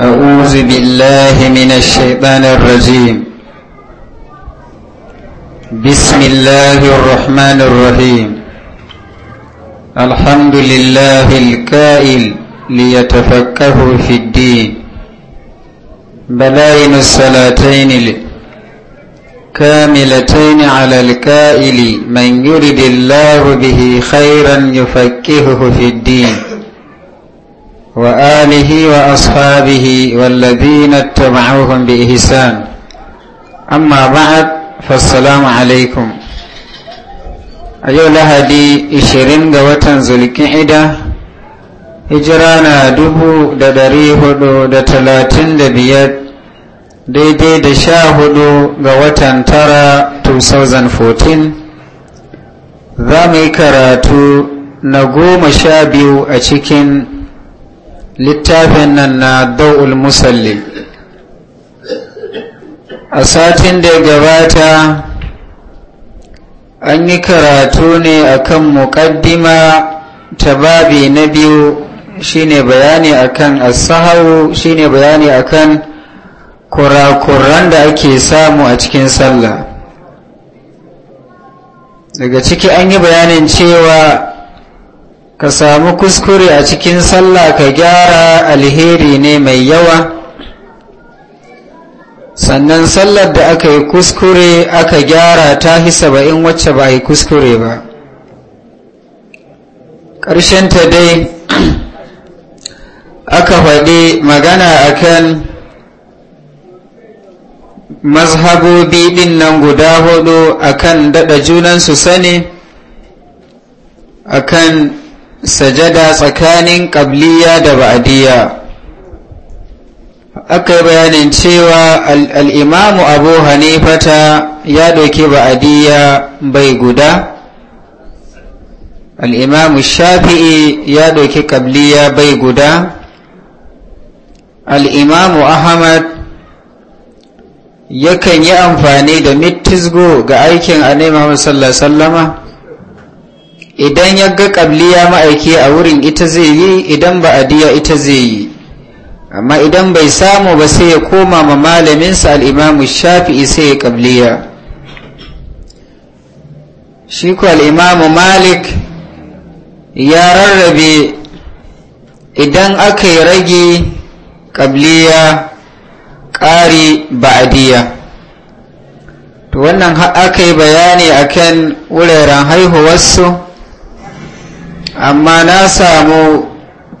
أعوذ بالله من الشيطان الرجيم بسم الله الرحمن الرحيم الحمد لله الكائل ليتفكهوا في الدين بلاين الصلاتين كاملتين على الكائل من يرد الله به خيرا يفكهه في الدين وآله وأصحابه والذين اتبعوهم بإحسان أما بعد فالسلام عليكم أيها لهدي إشرين غوتن ذوالقعدة هجرانا دبو دداري دو دتلاتين دبيات daidai da sha hudu ga watan tara 2014 za mu نقوم شابيو أشكين littafin nan na da'ul musalli a satin da gabata an yi karatu ne a kan muƙaddima ta babi na biyu shine bayani akan asahawu shine bayani akan kurakuran da ake samu a cikin sallah daga ciki an yi bayanin cewa ka samu kuskure a cikin sallah ka gyara alheri ne mai yawa sannan sallar da aka yi kuskure aka gyara ta hi saba'in wacce ba yi kuskure ba ta dai aka faɗi magana a kan mazhabobi ɗin nan guda hudu a kan daɗa junansu sani a kan. sajada tsakanin ƙabliya da ba'adiyya aka yi bayanin cewa al'imamu abu hanifata ya ɗauki ba'adiyya bai guda al'imamu shafi'i ya ɗauki ƙabliya bai guda al'imamu ahmad yakan yi amfani da mitizgo ga aikin annabi Muhammad sallallahu alaihi wasallama idan ya ga ƙabliya ma'aiki a wurin ita zai yi idan ba diya ita zai yi amma idan bai samu ba sai ya koma ma malaminsa al'imamu shafi'i sai ya ƙabliya shi ku al'imamu malik ya rarrabe idan aka yi rage ƙabliya ƙari ba'adiyya to wannan aka yi bayani akan wuraren haihuwarsu amma na samu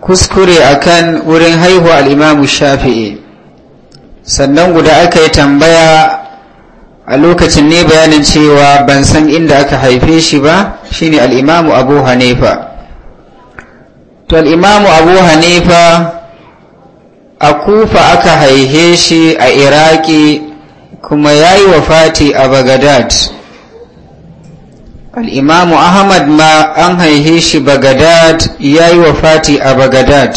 kuskure akan wurin haihuwa al'imamu shafi'i sannan guda aka yi tambaya a lokacin ne bayanin cewa ban san inda aka haife shi ba shine al'imamu abu hanifa to al'imamu abu hanifa a kufa aka haife shi a iraki kuma ya yi wa fati a bagadad al'imamu ahmad ma an haihe shi bagadad ya yi wa Fati a bagadad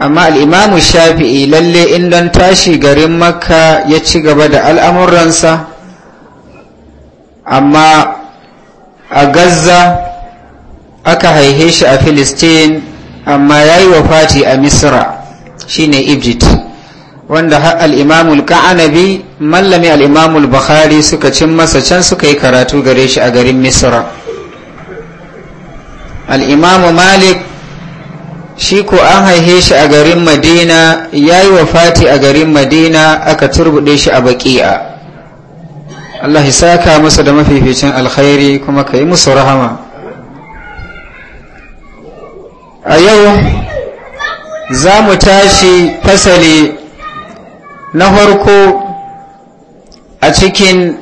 amma al'imamu shafi'i lalle in don tashi garin makka ya ci gaba da al'amuransa amma a gaza aka haihe shi a filistin amma ya yi Fati a misra shine egypt wanda al'imamul ka'anabi mallami al'imamul bukhari suka cin masa can suka yi karatu gare shi a garin misra al'imamu malik shi ko an haihe shi a garin madina ya yi wafati a garin madina aka turbuɗe shi a baƙi'a allah saka masa da mafificin alkhairi kuma ka yi musu rahama a yau za mu tashi fasali na farko a cikin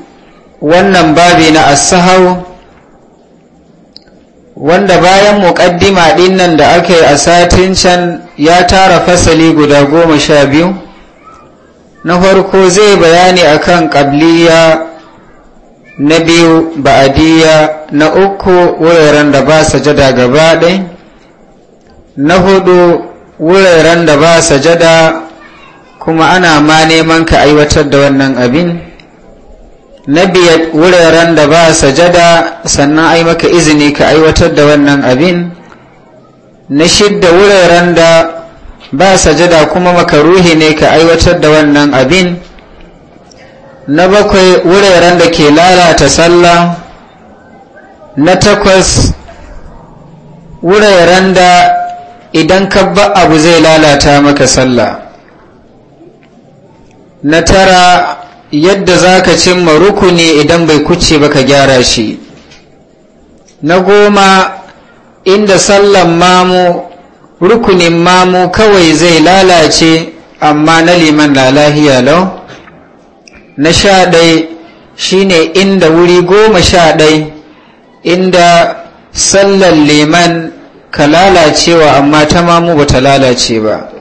wannan babi na asahau wanda bayan muƙaddima ɗin nan da aka yi a satin can ya tara fasali guda goma sha biyu na farko zai bayani akan ƙabliya na biyu ba'adiyya na uku wuraren da ba sajada gaba ɗai na hudu wuraren da ba sajada kuma ana ma neman ka aiwatar da wannan abin na biyar wuraren da ba sajada sannan ai maka izini ka aiwatar da wannan abin na shidda wuraren da ba sajada kuma makaruhi ne ka aiwatar da wannan abin na bakwai wuraren da ke lalata sallah na takwas wuraren da idan ka ba abu zai lalata maka sallah na tara yadda za ka cimma rukuni idan bai kuce ba ka gyara shi na goma inda sallan mamu rukunin mamu kawai zai lalace amma na liman lalahiya lau na sha ɗai shine inda wuri goma sha ɗai inda sallan liman ka lalacewa amma ta mamu ba ta lalace ba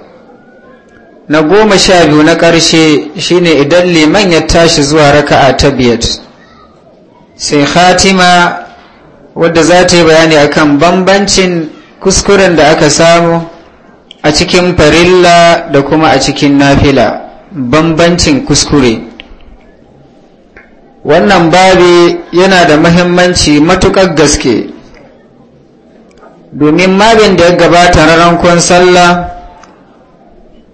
na goma sha biyu na ƙarshe shine idan liman ya tashi zuwa raka'a ta biyat sai khatima wadda za ta yi bayani akan bambancin kuskuren da aka samu a cikin farilla da kuma a cikin nafila bambancin kuskure wannan babi yana da mahimmanci matuƙar gaske domin mabin da ya gabata rarankon sallah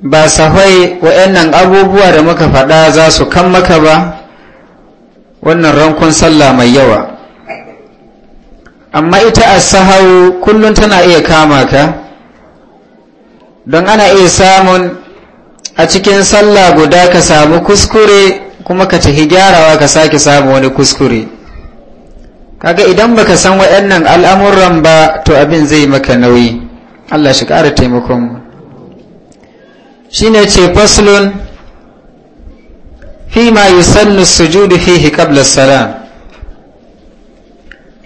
ba safai wa'annan abubuwa da muka faɗa za su kan maka ba wannan rankon sallah mai yawa amma ita a sahau kullum tana iya kama ka don ana iya samun a cikin sallah guda ka samu kuskure kuma ka tafi gyarawa ka sake samu wani kuskure kaga idan baka san waɗannan al'amuran ba to abin zai maka nauyi Allah shi ƙara taimakon mu shine ce faslun fi ma yusannu sujudu fihi qabla salam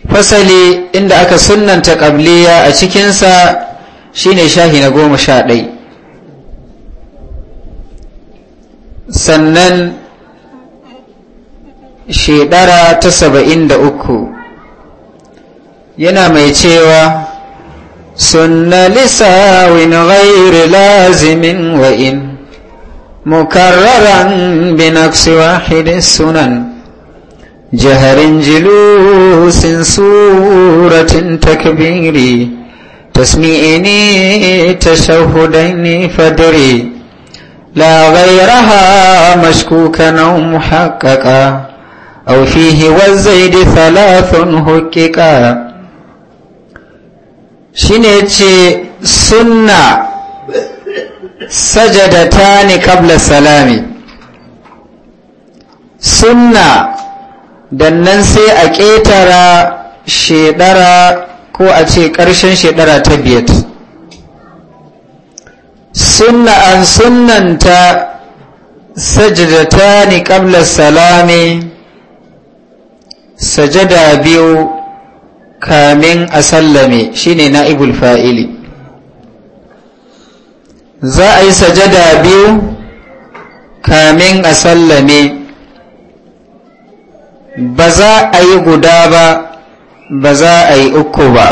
fasali inda aka sunanta ƙabliya a cikinsa shine shahi na goma sha ɗai sannan shedara ta saba'in da uku yana mai cewa سن لساو غير لازم وإن مكررا بنقص واحد السنن جهر جلوس سورة تكبيري تسميئني تشهدين فدري لا غيرها مشكوكا أو محققا أو فيه والزيد ثلاث هككا shine yace sunna ne kabla salami sunna nan sai a ƙetara shedara ko a ce ƙarshen shedara ta biyar sunna an sunanta ta ne kabla salami sajada biyu kamin a sallame shine na'ibul fa'ili za a yi sajada biyu kamin a sallame ba za a yi guda ba ba za a yi uku ba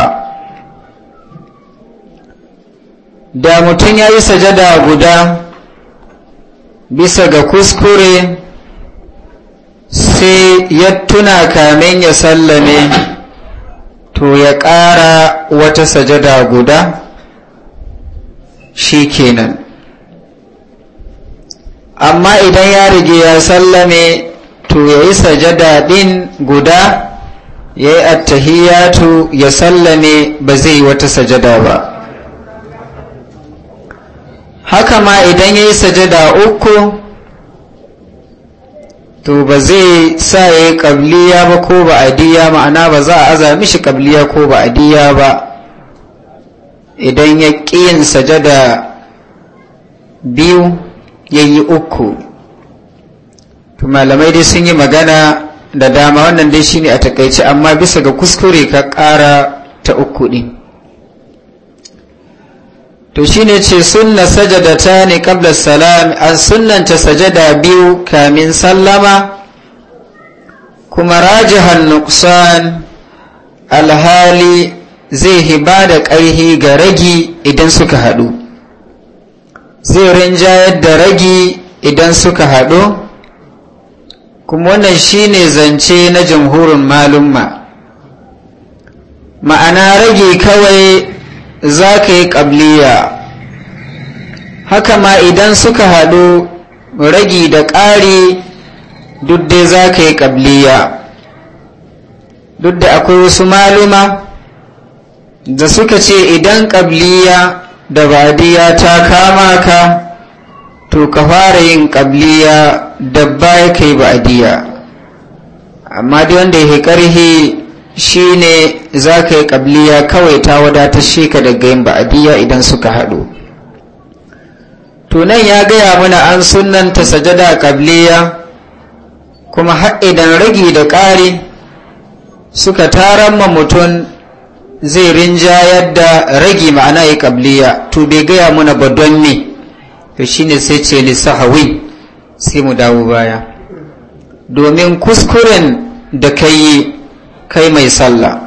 da mutum ya yi sajada guda bisa ga kuskure sai ya tuna kamin ya sallame to ya ƙara wata sajada guda shi kenan amma idan ya rige ya sallame to ya yi sajada ɗin guda ya yi attahiyatu ya sallame ba zai yi wata sajada ba haka ma idan ya yi sajada uku to ba zai sa ya yi ƙabliya ba ko ba diya ma'ana ba za a aza shi ƙabliya ko ba adiya ba idan ya ƙiyin sajada biyu ya yi uku malamai dai sun yi magana da dama wannan dai shine a takaice amma bisa ga kuskure ka ƙara ta uku ɗin to shi ne ce sunna ta ne qabla salam an sunnanta sajada biyu kamin sallama kuma rajihan nuqsan alhali zai hiba da ƙarhi ga ragi idan suka haɗu zai rinjayar da ragi idan suka haɗu kuma wannan shi ne zance na jamhurin malumma ma'ana rage kawai za ka yi ƙabliya haka ma idan suka haɗu ragi da ƙari duk dai za ka yi ƙabliya duk da akwai wasu maluma da suka ce idan ƙabliya da badiya ta kama ka to ka fara yin ƙabliya da baya kai badiya amma duk wanda ya ƙarhi shi ne za ka yi ƙabliya kawai ta wadatar shi ka daga yin ba'adiyya idan suka haɗu tunan ya gaya mana an sunanta sajada ƙabliya kuma idan ragi da ƙari suka taron ma mutum zai rinjayar da ragi ma'ana yi ƙabliya to bai gaya mana ba don ne to ne sai ce lissahawi sai mu dawo baya domin kuskuren da ka yi kai mai sallah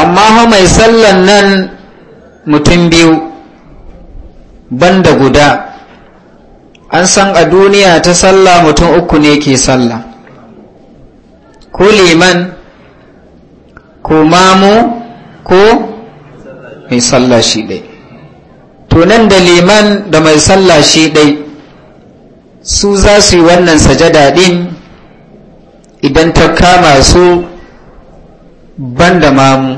amma ha mai sallan nan mutum biyu banda guda an san a duniya ta sallah mutum uku ne ke sallah ko liman ko mamu ko mai sallah shi ɗai to nan da liman da mai sallah shi ɗai su za su yi wannan sajada ɗin idan ta kama su da mamu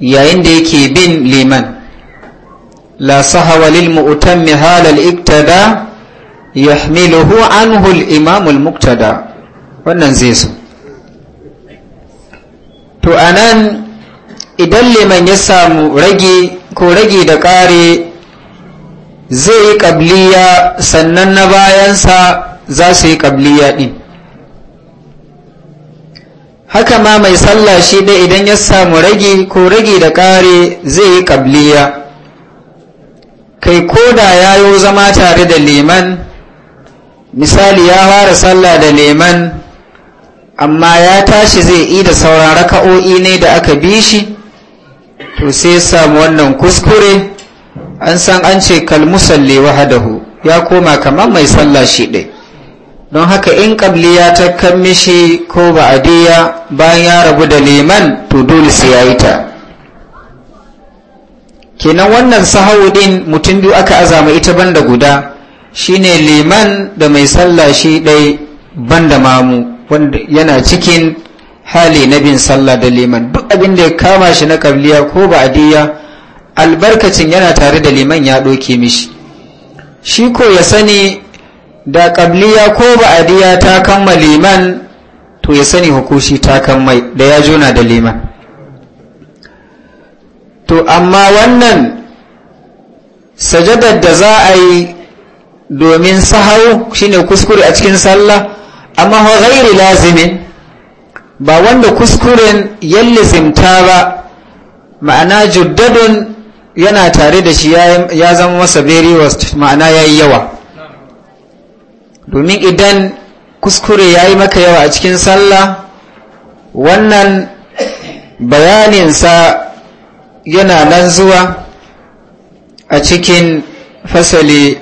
yayin da yake bin liman la sahawa lil mu'tammi halal iktada yahmiluhu anhu al imam al muktada wannan zai so to anan idan liman ya samu rage ko rage da ƙare zai yi kabliya sannan na bayansa za su yi kabliya din haka ma mai sallah shi dai idan ya samu ragi ko ragi da ƙare zai yi ƙabliya kai ko da ya yi zama tare da liman misali ya fara sallah da liman amma ya tashi zai yi da sauran raka'o'i ne da aka bi shi to sai ya samu wannan kuskure an san an ce kalmusalli wahadahu ya koma kamar mai sallah shi ɗai don haka in ƙabliya ta kan mishi ko ba'adiyya bayan ya rabu da liman to dole sai ya yi ta kenan wannan sahau din mutum biyu aka azama ita banda guda shine liman da mai sallah shi ɗai banda mamu wanda yana cikin hali na bin sallah da liman duk abin da ya kama shi na kabliya ko ba'adiyya albarkacin yana tare da liman ya ɗoke mishi shi ko ya sani da ƙabliya ko ba'adiyya ta kama liman to ya sani hukushi ta kama da ya juna da liman to amma wannan sajadar da za a yi domin sahau shine kuskure a cikin sallah amma ho ghairi lazimin ba wanda kuskuren yallizimta ba ma'ana juddadun yana tare da shi ya zama masa very worst ma'ana ya yi yawa domin idan kuskure ya yi maka yawa a cikin sallah wannan bayaninsa yana nan zuwa a cikin fasali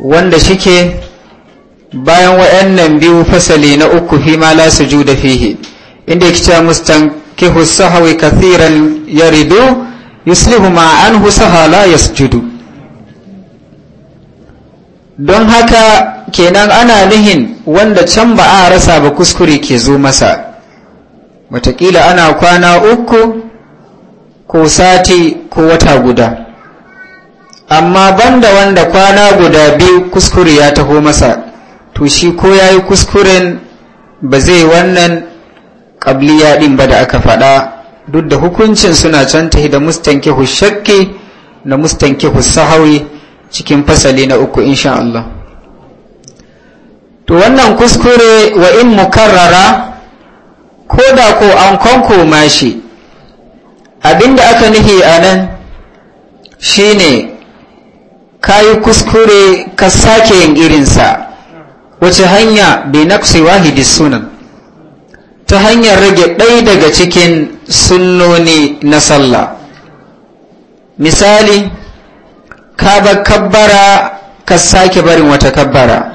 wanda shike bayan wa'annan biyu fasali na uku fi ma la sujuda fihi inda ya kice mustan mustankihu sahawi kathiran yaridu yuslihu ma anhu sahala yasjudu don haka kenan ana nihin wanda can ba a rasa ba kuskure ke zo masa watakila ana kwana uku ko sati ko wata guda amma banda wanda kwana guda biyu kuskure ya taho masa to shi ko ya yi kuskuren ba zai wannan ƙabliya ɗin ba da aka faɗa duk da hukuncin suna can tahi da mustankihu shakki na mustankihu sahawi cikin fasali na uku insha Allah to wannan kuskure wa in mukarrara ko da ko an kwankoma shi abinda aka nufi a nan shine ka yi kuskure ka sake yin irinsa wace hanya bai naksi wahidi sunan ta hanyar rage ɗai daga cikin sunnoni na sallah misali ka ba kabbara ka sake barin wata kabbara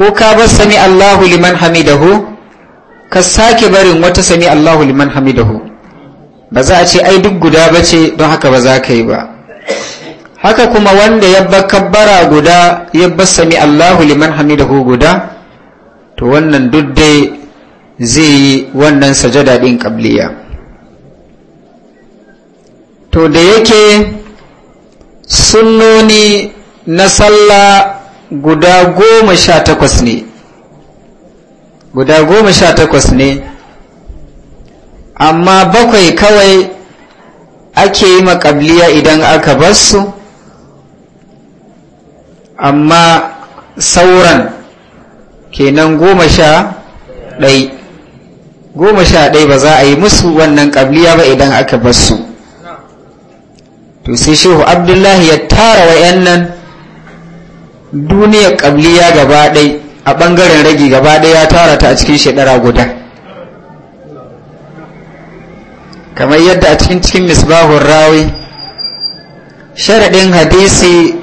ko ka bar sami Allahu liman hamidahu ka sake barin wata sami Allahu liman hamidahu ba za a ce ai duk guda ba ce don haka ba za ka yi ba haka kuma wanda ya bar kabbara guda ya bar sami Allahu liman hamidahu guda to wannan duk dai zai yi wannan sajada din kabliya to da yake sunnoni na sallah guda goma sha takwas ne guda goma sha takwas ne amma bakwai kawai ake yi makabliya idan aka basu, amma sauran kenan goma sha ɗai goma sha ɗai ba za a yi musu wannan ƙabliya ba idan aka basu, to sai shehu abdullahi ya tara wa'yan nan duniyar ƙabliya gaba ɗai a ɓangaren ragi gaba ɗai ya tara ta a cikin shekara guda kamar yadda a cikin cikin misbahun rawi sharaɗin hadisi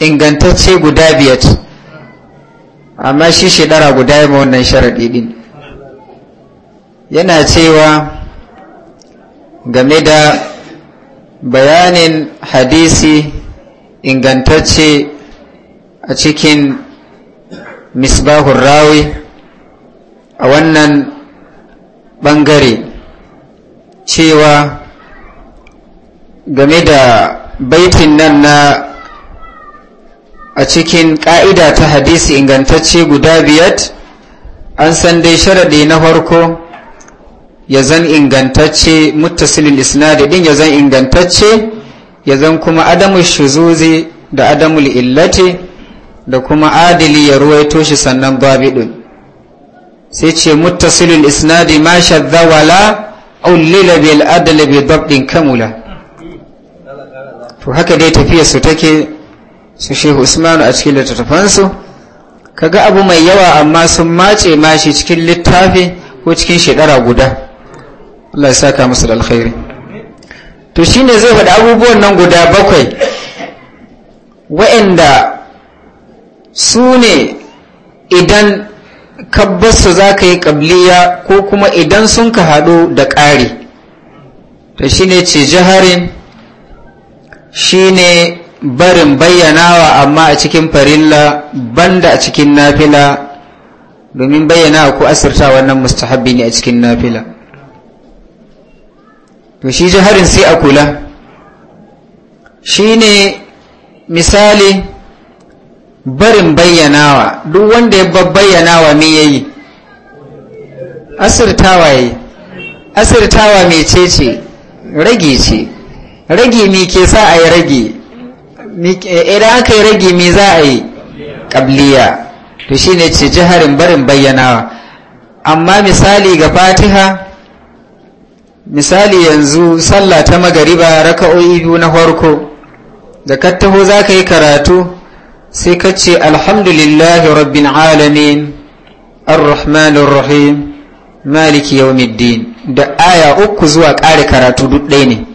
ingantacce guda biyat amma shi shekara guda ya wannan sharaɗi ɗin yana cewa game da bayanin hadisi ingantacce a cikin misbahun rawi a wannan ɓangare cewa game da baitin nan na a cikin ƙa'ida ta hadisi ingantacce guda biyar an san dai sharaɗi na farko ya zan ingantacce muttasilin isnadi ɗin ya zan ingantacce ya zan kuma adamu shuzuzi da adamul illati da kuma adili ya ruwaito shi sannan dabidun sai ce muttasilul isnadi ma shadda wala ullila bil adl bi dabdin kamula to haka dai tafiyar su take su Shehu Usman a cikin littattafansu kaga abu mai yawa amma sun mace mashi cikin littafi ko cikin shekara guda Allah ya saka musu da alkhairi to shine zai faɗi abubuwan nan guda bakwai wa'anda su ne idan kabbasu za ka yi ƙabliya ko kuma idan sun ka haɗu da ƙari to shi ne ce jiharin shi ne barin bayyanawa amma a cikin farilla banda a cikin nafila domin bayyana ko asirta wannan mustahabbi ne a cikin nafila to shi jiharin sai a kula shi ne misali barin bayyanawa duk wanda ya bayyanawa me yayi asirtawa yayi asirtawa mece ce rage ce rage me ke sa a yi rage idan aka yi rage me za a yi ƙabliya to shine ce jiharin barin bayyanawa amma misali ga fatiha misali yanzu sallah ta magariba raka'o'i biyu na farko da kattaho za ka yi karatu sai ka ce alhamdulillahi rabbin alamin arrahmanir rahim maliki yawmiddin da aya uku zuwa ƙare karatu duk ɗaya ne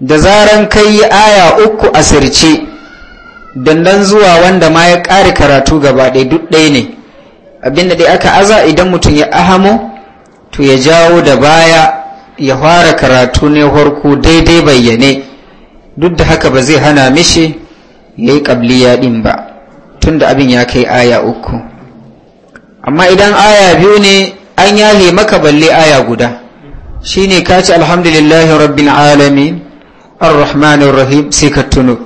da zaran kai aya uku a sirce dandan zuwa wanda ma ya ƙare karatu gaba ɗaya duk ɗaya ne abinda dai aka aza idan mutum ya ahamo to ya jawo da baya ya fara karatu ne farko daidai bayyane duk da haka ba zai hana mishi yayi kabliya din ba tunda abin ya kai aya uku amma idan aya biyu ne an yahe maka balle aya guda shine ka ci alhamdulillahi rabbil alamin arrahmanir rahim sai ka tuno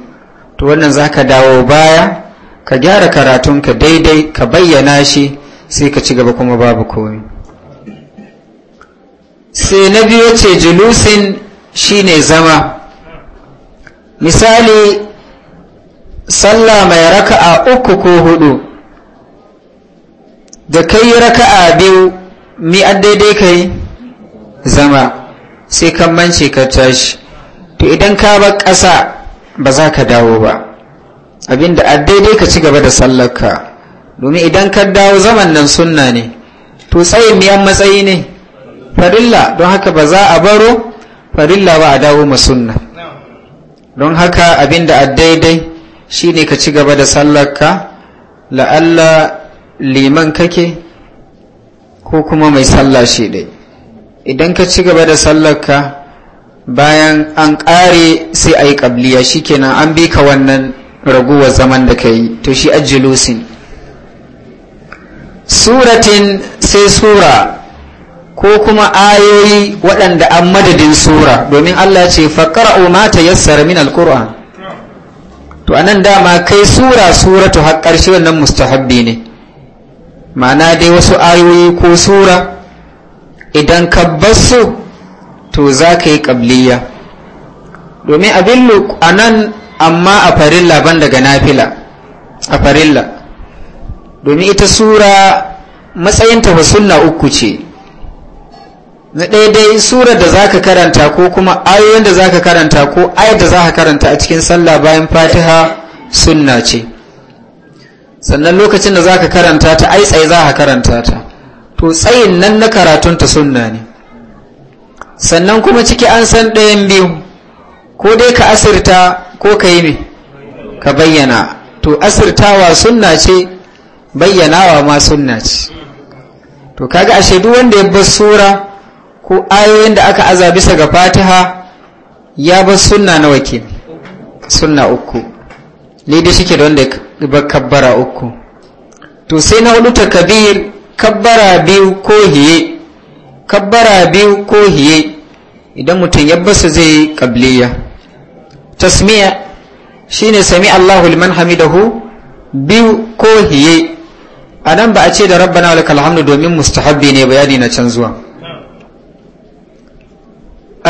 to wannan zaka dawo baya ka gyara karatun ka daidai ka bayyana shi sai ka ci gaba kuma babu komai sai na biyu ce julusin shine zama misali sallah mai raka'a uku ko hudu da kai raka'a biyu mi an daidai kai zama sai kan mance ka tashi to idan ka bar ƙasa ba za ka dawo ba abinda a daidai ka ci gaba da sallarka domin idan ka dawo zaman nan sunna ne to tsayin miyan matsayi ne farilla don haka ba za a baro farilla ba a dawo ma sunna don haka abinda a daidai shine ka ci gaba da sallarka la'alla liman kake ko kuma mai sallah shi dai idan ka ci gaba da sallarka bayan an ƙare sai a yi ƙabliya kenan an bi ka wannan raguwar zaman da ka yi to shi ajjilusin suratin sai sura ko kuma ayoyi waɗanda an madadin sura domin allah ce faƙara'u mata yassara min alƙur'an to a nan dama kai sura suratu har ƙarshe wannan mustahabbi ne ma'ana dai wasu ayoyi ko sura idan ka basu to za ka yi ƙabliya domin abin a nan amma a farilla ban daga nafila a farilla domin ita sura matsayinta tafasunna sunna uku ce na daidai sura da za ka karanta ko kuma ayoyin da za ka karanta ko ayar da za ka karanta a cikin sallah bayan fatiha sunna ce sannan lokacin da za ka karanta ta ai tsaye za ka karanta ta to tsayin nan na karatun ta sunna ne sannan kuma ciki an san ɗayan biyu ko dai ka asirta ko ka yi ne ka bayyana to asirtawa sunna ce bayyanawa ma sunna ce to kaga ashe duk wanda ya bar sura ko ayoyin da aka aza bisa ga fatiha ya ba sunna na ke sunna uku daidai shi ke da wanda ba kabbara uku to sai na hudu takabir kabbara biyu ko hiye kabbara biyu ko hiye idan mutum ya basu zai kabliya tasmiya shine sami Allahu liman hamidahu biyu ko hiye a nan ba a ce da rabbana lakal hamdu domin mustahabbi ne bayani na can zuwa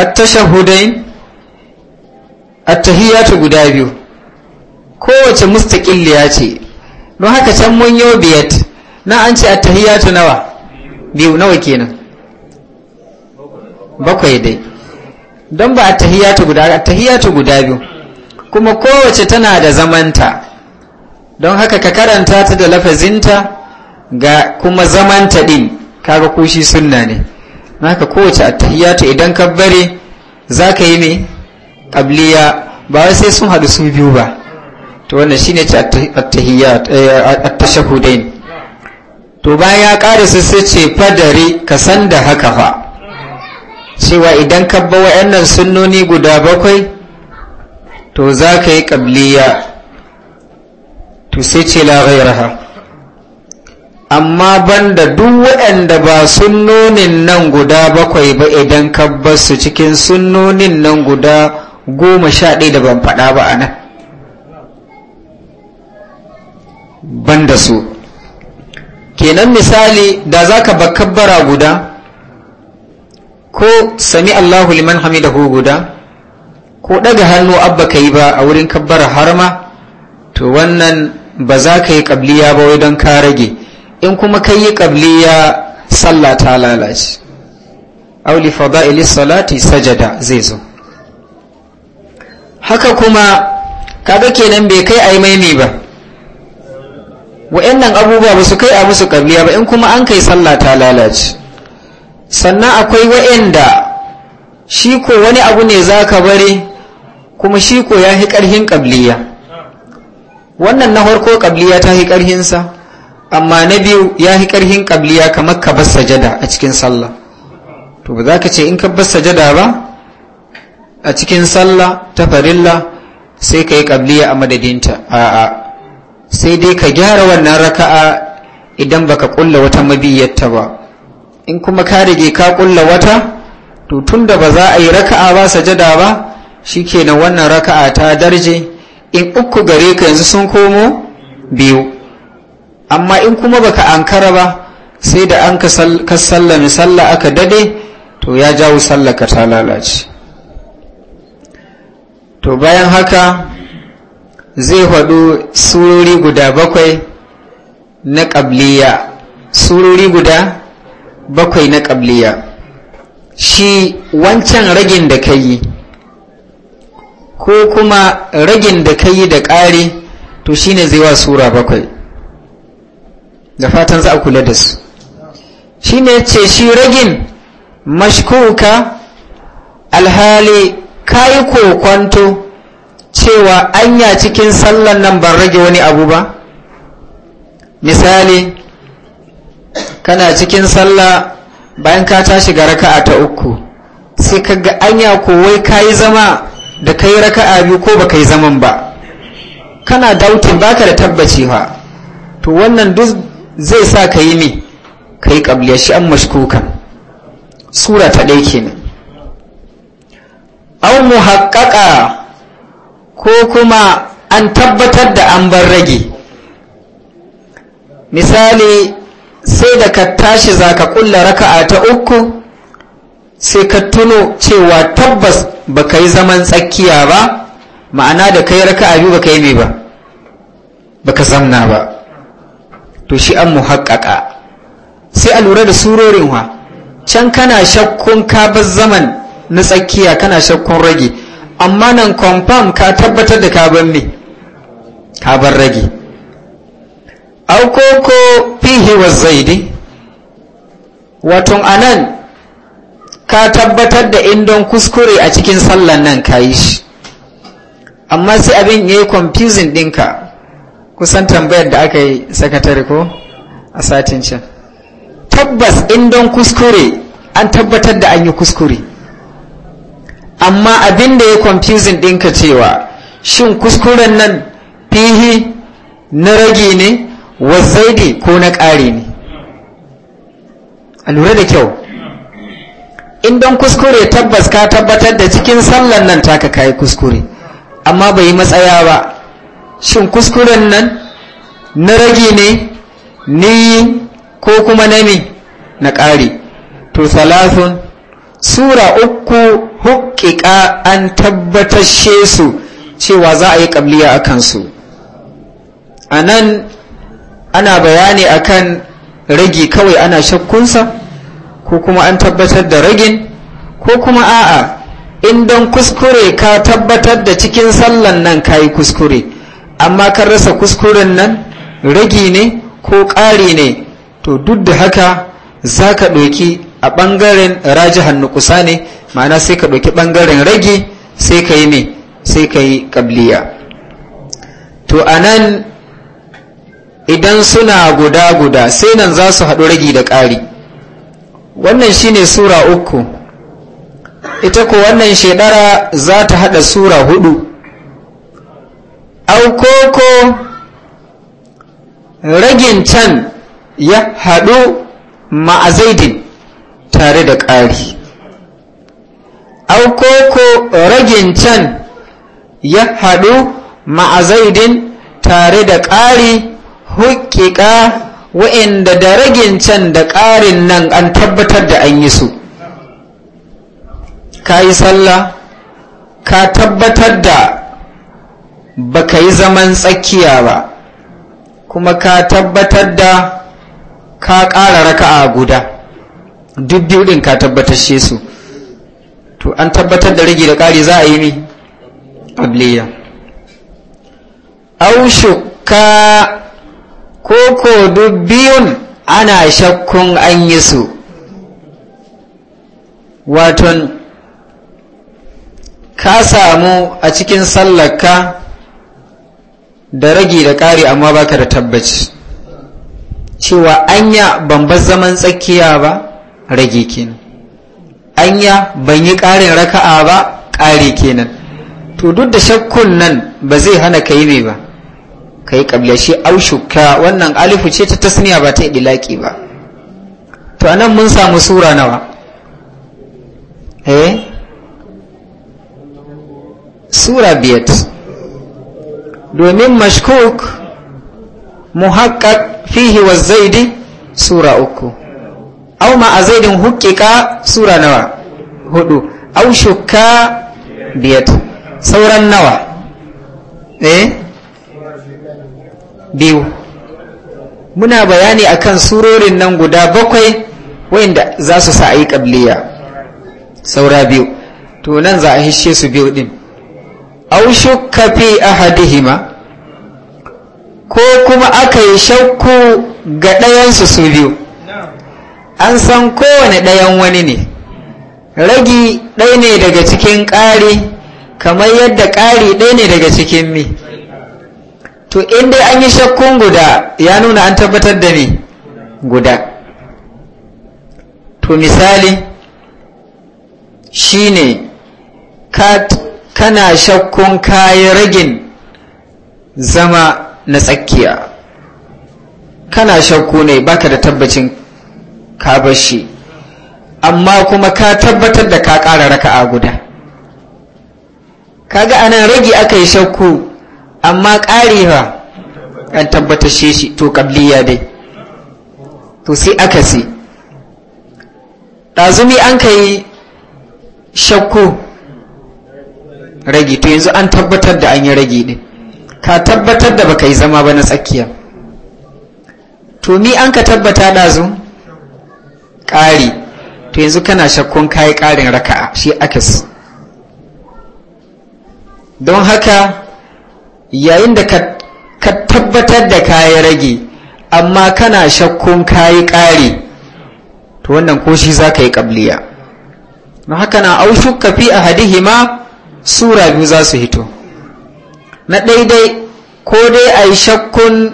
at-tashahudain at-tahiyatu guda biyu kowace mustaqilliya ce don haka can mun yo biyat na an ce at-tahiyatu nawa biyu nawa kenan bakwai dai don ba at-tahiyatu guda at guda biyu kuma kowace tana da zamanta don haka ka karanta ta da lafazinta ga kuma zamanta din kaga kushi sunna ne naka kowace attahiyatu idan ka bare za ka yi mai qabliya ba wai sai sun haɗu su biyu ba to wannan shine ce attahiyat eh, at-tashahhudain to bayan ya ƙara su sai ce fadari ka san da haka fa cewa idan ka ba wa'annan sunnoni guda bakwai to za ka yi ƙabliya to sai ce la gairaha. amma banda duk waɗanda ba sunnonin nan guda bakwai ba idan ka basu cikin sunnonin nan guda goma sha ɗaya da ban faɗa ba a nan banda su kenan misali da za ka bakabbara guda ko sami allahu liman hamidahu guda ko ɗaga hannu abba ka yi ba a wurin kabbara harma to wannan ba za ka yi ƙabliya ba wai don ka rage in kuma kai yi qabliya sallah ta lalace auli fada'ili salati sajada zai zo haka kuma kaga kenan bai kai a yi maimi ba wa'annan abubuwa ba su kai a musu qabliya ba in kuma an kai sallah ta lalace sannan akwai wa'anda shi ko wani abu ne za ka bari kuma shi ko ya fi ƙarhin ƙabliya wannan na farko ƙabliya ta fi ƙarhinsa amma na biyu ya fi ƙarhin ƙabliya kamar ka bar sajada a cikin sallah to ba za ka ce in ka bar sajada ba a cikin sallah ta farilla sai ka yi ƙabliya a madadinta a'a sai dai ka gyara wannan raka'a idan baka ƙulla wata mabiyyarta ba in kuma ka rage ka ƙulla wata to tun da ba za a yi raka'a ba sajada ba shikenan wannan raka'a ta darje in uku gare ka yanzu sun komo biyu amma in kuma baka ankara ba sai da an ka salla sallah aka dade to ya jawo sallaka ta lalace to bayan haka zai faɗo surori guda bakwai na ƙabliya surori guda bakwai na ƙabliya shi wancan ragin da ka yi ko kuma ragin da ka yi da ƙari to shine zai wa sura bakwai da fatan za a kula da su shi ne ce shi ragin mashkuka alhali kayi kokwanto cewa anya cikin sallan nan ban rage wani abu ba misali kana cikin sallah bayan ka tashi ga raka'a ta uku sai ka ga anya ko wai kayi zama da kai raka'a biyu ko ba kai zaman ba kana dautin baka da tabbaci ba to wannan duk zai sa ka yi me ka yi ƙabliya shi an mashkukan sura ta ɗaya kenan an haƙaƙa ko kuma an tabbatar da an bar rage misali sai da ka tashi za ka ƙulla raka'a ta uku sai ka tuno cewa tabbas ba ka yi zaman tsakiya ba ma'ana da ka yi raka'a biyu ba ka yi mai ba ba ka zamna ba to shi an mu haƙaƙa sai a lura da surorin wa can kana shakkun ka bar zaman na tsakiya kana shakkun rage amma nan confirm ka tabbatar da ka bar me ka bar rage aukoko fihi wa zaidi waton anan ka tabbatar da indon kuskure a cikin sallan nan ka yi shi amma sai abin ya yi confusing ɗinka kusan tambayar da aka yi sakatare ko a satin can tabbas in don kuskure an tabbatar da an yi kuskure amma abin da ya confusing ɗinka cewa shin kuskuren nan fihi na rage ne zaidi ko na ƙari ne a lura da kyau in don kuskure tabbas ka tabbatar da cikin sallan nan taka kayi kuskure amma bai yi matsaya ba shin kuskuren nan na rage ne ni ko kuma na me na ƙare to salasun sura uku hukika an tabbatashe su cewa za a yi ƙabliya a kansu a nan ana bayani akan rage kawai ana shakkunsa ko kuma an tabbatar da ragin ko kuma a'a in don kuskure ka tabbatar da cikin sallan nan ka yi kuskure amma kan rasa kuskuren nan ragi ne ko ƙari ne to duk da haka za ka ɗauki a ɓangaren raji hannu kusa ne ma'ana sai ka ɗauki ɓangaren ragi sai ka yi ne sai ka yi ƙabliya to a nan idan suna guda-guda sai nan za su haɗu ragi da ƙari wannan shine sura uku ita ko wannan shedara za ta haɗa sura hudu aukoko ragin can ya haɗu ma'azaidin tare da ƙari aukoko ragin can ya haɗu ma'azaidin tare da ƙari hukika wa'inda da ragin can da ƙarin nan an tabbatar da an yi su ka yi sallah ka tabbatar da baka yi zaman tsakiya ba kuma ka tabbatar da ka ƙara raka'a guda duk biyu ɗin ka tabbatar shi su to an tabbatar da rage da ƙari za a yi mi abliya au shuka koko duk biyun ana shakkun an yi su waton ka samu a cikin sallarka da ragi da ƙari amma baka da tabbaci cewa anya ban bar zaman tsakiya ba rage kenan anya ban yi ƙarin raka'a ba ƙari kenan to duk da shakkun nan ba zai hana ka yi mai ba ka yi au aushukka wannan alifu ce ta tasniya ba ta yi ɗilaƙi ba to a nan mun samu sura nawa eh sura biyar. domin mashkuk muhakkak fihi wa zaidi sura uku au ma a zaidin hukika sura nawa hudu au shukka biyat sauran nawa eh biyu muna bayani akan surorin nan guda bakwai wanda za su sa a yi saura biyu to nan za a hishe su biyu din au shukka fi ahadihima ko kuma aka yi shakku ga ɗayansu su biyu an san kowane ɗayan wani ne ragi ɗaya ne daga cikin ƙari kamar yadda ƙari ɗaya ne daga cikin mi to inda an yi shakkun guda ya nuna an tabbatar da ne guda to misali shine kat kana shakkun kayi ragin zama na tsakiya kana shakku ne baka da tabbacin ka bashi amma kuma ka tabbatar da ka ƙara raka'a guda kaga anan ragi aka yi shakku amma ƙarewa an tabbatar shi to kabliya dai to sai aka si ɗazumi an ka yi shakku ragi to yanzu an tabbatar da an yi ragi din ka tabbatar da baka yi zama ba na tsakiya to mi an ka tabbata ɗazu ƙari to yanzu kana shakkun kayi ƙarin raka'a shi akas don haka yayin da ka tabbatar da kayi rage amma kana shakkun kayi ƙari to wannan ko shi za ka yi ƙabliya don haka na aushukka fi a hadihima sura biyu za su hito na daidai ko dai a yi shakkun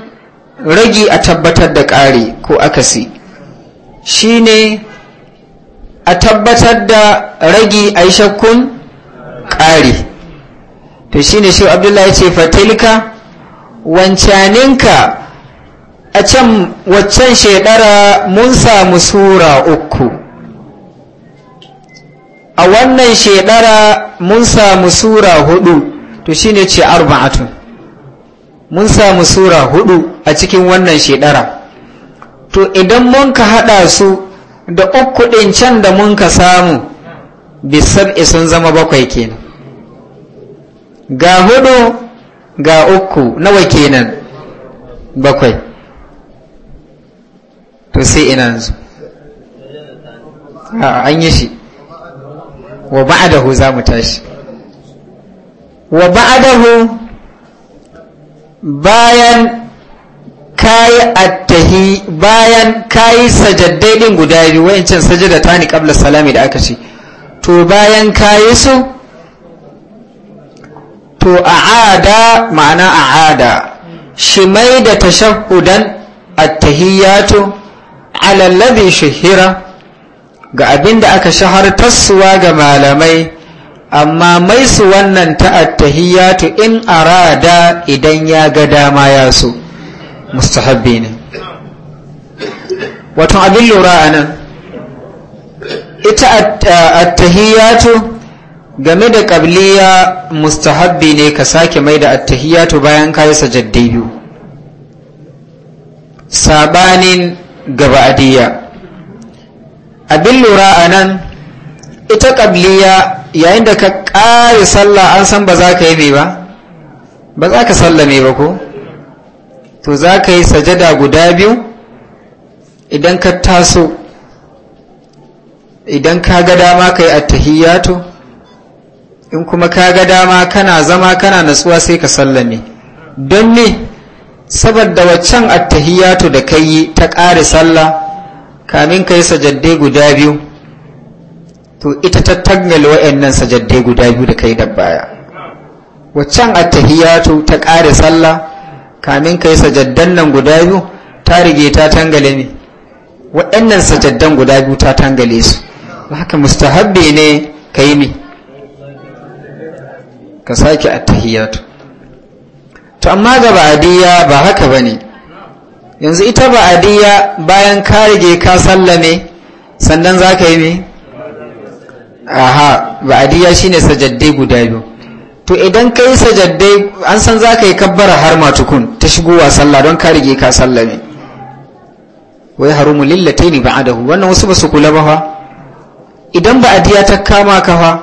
ragi a tabbatar da ƙari ko akasi shi ne a tabbatar da ragi a yi shakkun ƙari to shi ne shi abdullahi ce fatilka wancaninka a can waccan shedara mun samu sura uku a wannan shekara mun samu sura hudu to shine ce arba'atun mun samu sura hudu a cikin wannan shekara to idan mun ka hada su da uku ɗin can da mun ka samu bisab'i sun zama bakwai kenan ga hudu ga uku nawa kenan bakwai to sai ina yanzu ah, an yi shi wa ba'adahu za mu tashi wa ba'adahu bayan kayi attahi bayan kayi sajaddai din guda biyu wayancin sajada ta ni qabla salami da aka ce to bayan kayi su to a'ada ma'ana a'ada shi mai da tashahhudan attahiyatu ala alladhi shahira ga abin da aka tasuwa ga malamai amma mai su wannan ta'attahiyatu in arada idan ya ga dama ya so mustahabbi ne wato abin lura a nan ita attahiyatu game da ƙabliya mustahabbi ne ka sake mai da attahiyatu bayan ka yi sajaddai biyu sabanin gaba'adiyya abin lura a nan ita ƙabliya yayin da ka ƙare sallah an san ba za ka yi mai ba ba za ka sallame ba ko to za ka yi sajada guda biyu idan ka taso idan ka ga dama ka yi attahiyyato in kuma ka ga dama kana zama kana natsuwa sai ka sallame don ne saboda waccan attahiyyato da ka yi ta ƙare sallah kamin ka yi sajadde guda biyu to ita ta tagnal wa'annan sajadde guda biyu da kai da baya waccan attahiyatu ta ƙare sallah kamin ka yi sajaddan nan guda biyu ta rige ta tangale ne waɗannan sajaddan guda biyu ta tangale su haka mustahabbi ne ka yi mi ka sake attahiyatu to amma ga ba haka bane yanzu ita adiya bayan ka rige ka sallame sannan za ka yi ne? aha shi shine sajaddai guda biyu to idan ka yi sajaddai an san za ka yi kabbara har matukun ta shigowa sallah don ka rige ka sallame wai harumu lillatai ne ba'adahu wannan wasu ba su kula ba fa idan adiya ta kama ka fa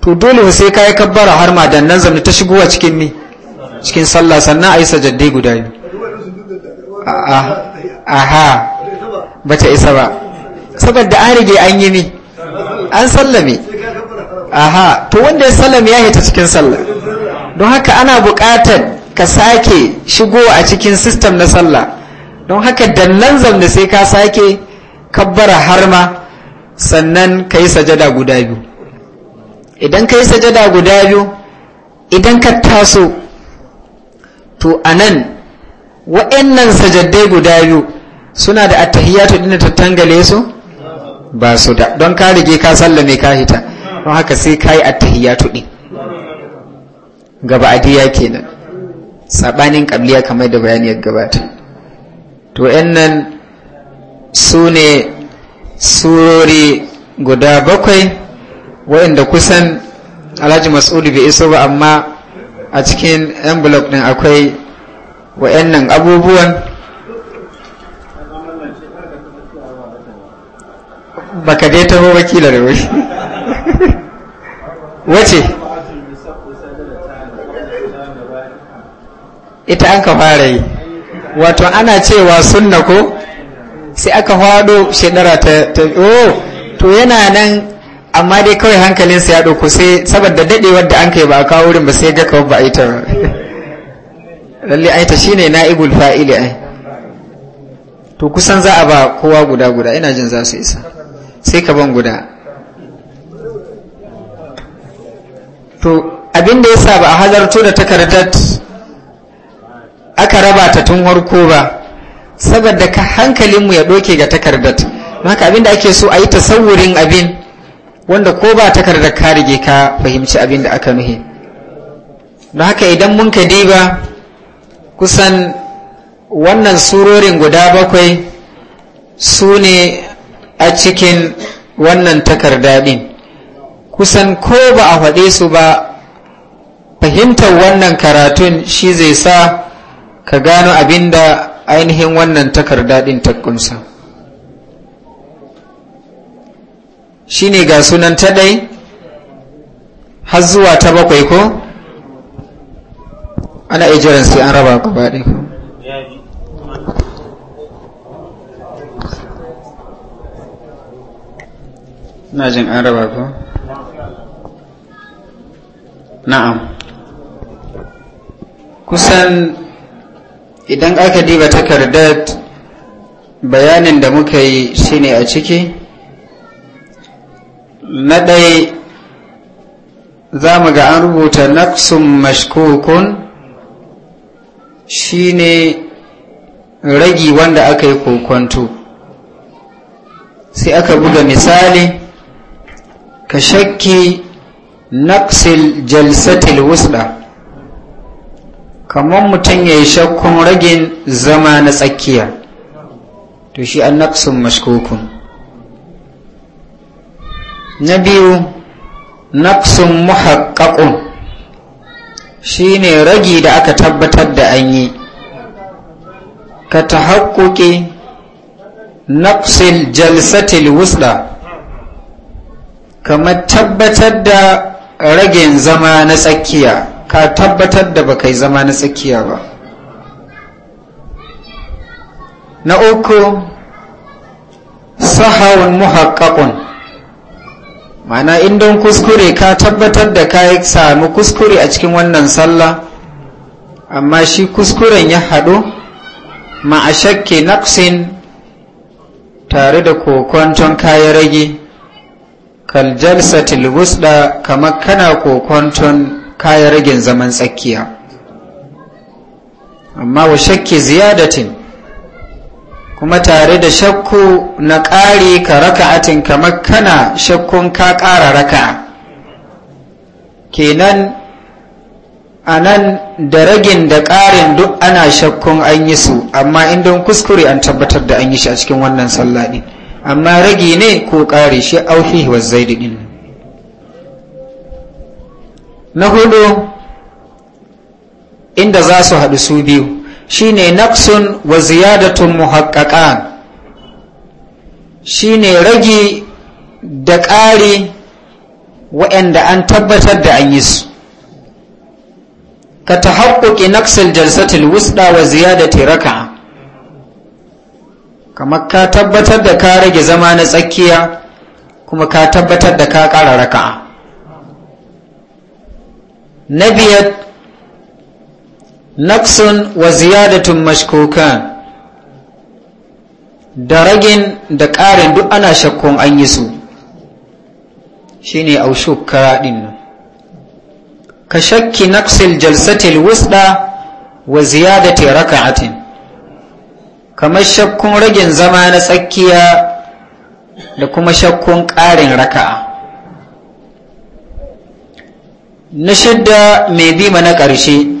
to dole sai ka yi kabbara har ma dannan zamna ta shigowa cikin me cikin sallah sannan a yi sajaddai guda biyu aha ba ta isa ba saboda an rige an yi mi an sallame aha to wanda ya sallame ya hita cikin sallah don haka ana buƙatar ka sake shigo a cikin sistem na sallah don haka nan zamne sai ka sake kabbara harma sannan ka yi sajada guda biyu idan ka yi sajada guda biyu idan ka taso to a nan wa'annan sajaddai guda biyu suna da attahiyatu din ta tangale su ba su da don ka rige ka sallame ka hita don haka sai kai attahiyatu din gaba adiya kenan sabanin kabliya kamar da bayani ya gabata to wa'annan su ne surori guda bakwai wa'anda kusan alhaji mas'udu bai iso ba amma a cikin envelope din akwai wa'annan abubuwan baka dai taho wakila da wuri wace ita an ka fara yi wato ana cewa sunna ko sai aka fado shekara ta oh to yana nan amma dai kawai hankalinsa ya ɗauko sai saboda daɗewar da an kai ba a kawo wurin ba sai ga kawai ba a yi ta lalle ai ta shine na'ibul fa'ili ai to kusan za a ba kowa guda guda ina jin za su isa sai ka ban guda to abin da yasa ba a halarto da takardar aka raba ta tun harko ba saboda ka hankalinmu ya doke ga takardar haka abin da ake so a yi tasawurin abin wanda ko ba takardar ka rige ka fahimci abin da aka nuhi don haka idan mun ka diba kusan wannan surorin guda bakwai su ne a cikin wannan takardadin kusan ko ba a faɗe su ba fahimtar wannan karatun shi zai sa ka gano abin da ainihin wannan takardadin ta kunsa shi ne ga sunan ta ɗai har zuwa ta bakwai ko ana iya jiran sai an raba gaba ɗaya na jin an raba ko na'am kusan idan aka diba takardar bayanin da muka yi shine a ciki na ɗaya za mu ga an rubuta naqsun mashkukun Shi ne ragi wanda aka yi kokonto sai aka buga misali ka shakki naqsil jalsatil wusda kamar mutum ya yi shakkun ragin zama na tsakiya to shi an naqsun mashkokun na biyu naqsun muhaqqaqun shine ragi da aka tabbatar da an yi ka tahakkuki nafsil jalsatil wusda kamar tabbatar da ragin zama na tsakiya ka tabbatar da baka yi zama na tsakiya ba na uku sahawun muhakkakun mana in don kuskure ka tabbatar da ka yi samu kuskure a cikin wannan sallah amma shi kuskuren ya haɗu ma'a shakke naqsin tare da kokonton kayan rage kaljalsatil wusda kamar kana kokonton kayan ragen zaman tsakiya amma wa shakke ziyadatin kuma tare da shakku na ƙari ka raka'atin kamar kana shakkun ka ƙara raka kenan a nan da ragin da ƙarin duk ana shakkun an yi su amma in kuskure an tabbatar da an yi shi a cikin wannan sallah amma ragi ne ko ƙari shi aufi wa zaidi ɗin na hudu inda za su haɗu su biyu Shi ne naqsun wa ziyadatun muhaqqaqan ne ragi da ƙari waɗanda an tabbatar da an yi su ka ta haƙƙoƙi naqsul jalsatul wusda wa ziyadati raka'a kamar ka tabbatar da ka rage zama na tsakiya kuma ka tabbatar da ka ƙara raka'a na biyar naqsun wa ziyadatun mashkukan da ragin da ƙarin duk ana shakkun an yi su shine aushuk karaɗin ka shakki naqsil jalsatil wusda wa ziyadati raka'atin kamar shakkun ragin zama na tsakiya da kuma shakkun ƙarin raka'a na shidda mai bima na ƙarshe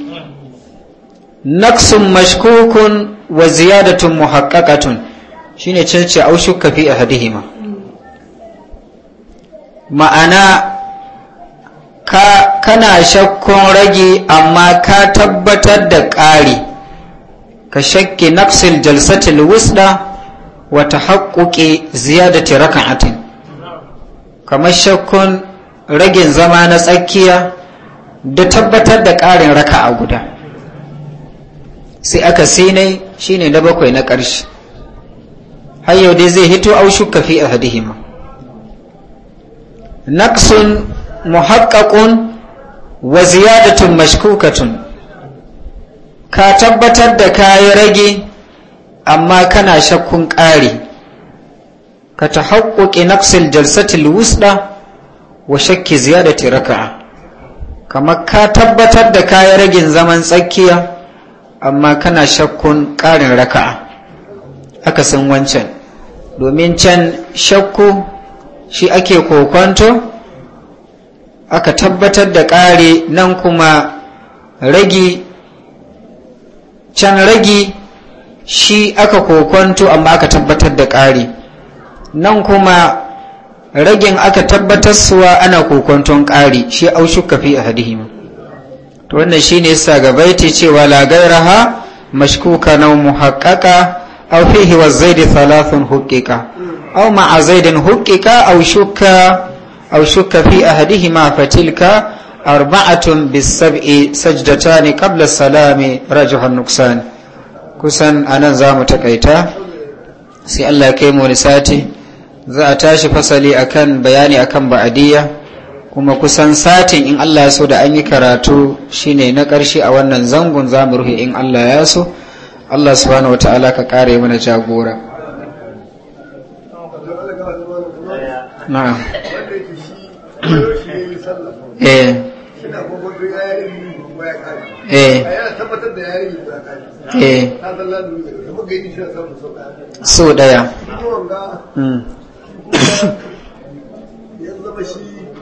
naqsun mashkukun wa ziyadatun muhaqqaqatun shine cece au shukka fi ahadihima ma'ana ka kana shakkun rage amma ka tabbatar da ƙari ka shakki naqsil jalsatil wusda wa tahaqquqi ziyadati raka'atin kamar shakkun ragin zama na tsakiya da tabbatar da ƙarin raka'a guda sai aka sinai shine na bakwai na ƙarshe har yau dai zai hito au shukka fi ahadihima naqsun muhaqqaqun wa ziyadatun mashkukatun ka tabbatar da kayi rage amma kana shakkun ƙari ka ta haƙƙoƙi naqsul jalsatil wusda wa shakki ziyadati raka'a kamar ka tabbatar da kayi ragin zaman tsakiya amma kana shakkun ƙarin raka'a san wancan domin can shakku shi ake kokonto aka tabbatar da ƙare nan kuma ragi can ragi shi aka kokonto amma aka tabbatar da ƙare nan kuma ragin aka tabbatar suwa ana kokonton ƙare shi aushuka fi a hadihima to wannan shine yasa ga baiti cewa la gairaha mashkuka na muhaqqaqa aw fihi wa zaid thalathun huqqiqa aw ma zaidin huqqiqa aw shukka aw shukka fi ahadihima fatilka arba'atun sab'i sajdatani qabla salami rajuhan nuksan kusan anan zamu takaita sai Allah ya kai mu sati za a tashi fasali akan bayani akan ba'adiyya kuma kusan satin in Allah ya so da an yi karatu shine na ƙarshe a wannan zangon za mu in Allah ya so Allah subhanahu wa ta'ala ka ƙare mana jagora na'am eh. Eh. Eh. Hmm.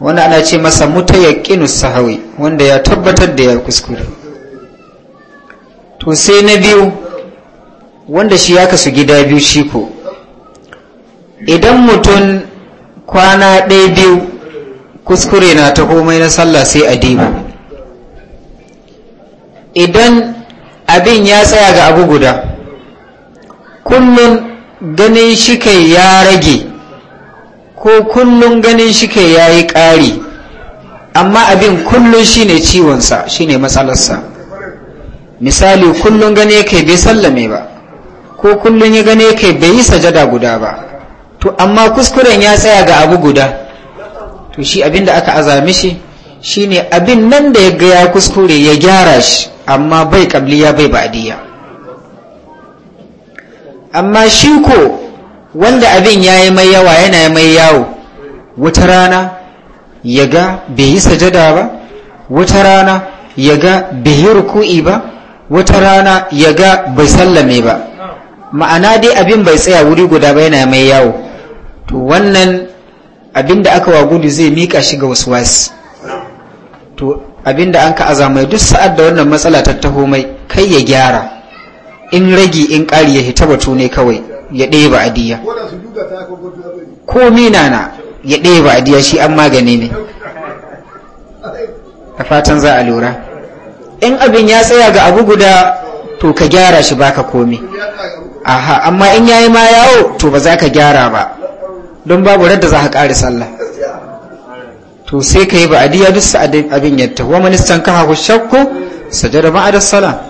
wanda ana ce masa mutayaqqinu sahawi wanda ya tabbatar da ya kuskure to sai na biyu wanda shi ya kasu gida biyu shi ko idan mutum kwana ɗaya biyu kuskure na ta komai na sallah sai a diba idan abin ya tsaya ga abu guda kullum ganin shi kai ya rage ko kullum ganin shi ke ya yi ƙari amma abin kullum shi ne ciwonsa shi ne matsalarsa misali kullum gane kai bai sallame ba ko kullum ya gane kai bai yi sajada guda ba to amma kuskuren ya tsaya ga abu guda to shi abin da aka azami shi shi ne abin nan da ya gaya kuskure ya gyara shi amma bai kabliya bai ba'adiyya. amma shi ko wanda abin ya yi mai yawa yana mai yawo wata rana ya ga bai yi sajada ba wata rana ya ga bai yi ruku'i ba wata rana ya ga bai sallame ba ma'ana dai abin bai tsaya wuri guda ba yana mai yawo to wannan abin da aka wa zai mika shi ga wasu wasu to abin da an ka aza mai duk sa'ad da wannan matsala ta taho mai kai ya gyara in ragi in ƙari ya hita batu ne kawai ya ɗeba adiya ko mina na ya ɗeba adiya shi an magani ne a fatan za a lura in abin ya tsaya ga abu guda to ka gyara shi baka komi aha amma in yayi ma yawo to ba za ka gyara ba don babu radda za ka ƙari sallah to sai ka yi ba adiya duk sa'adin abin yadda wa manistan ka hagu shakku sajada ma'adar salam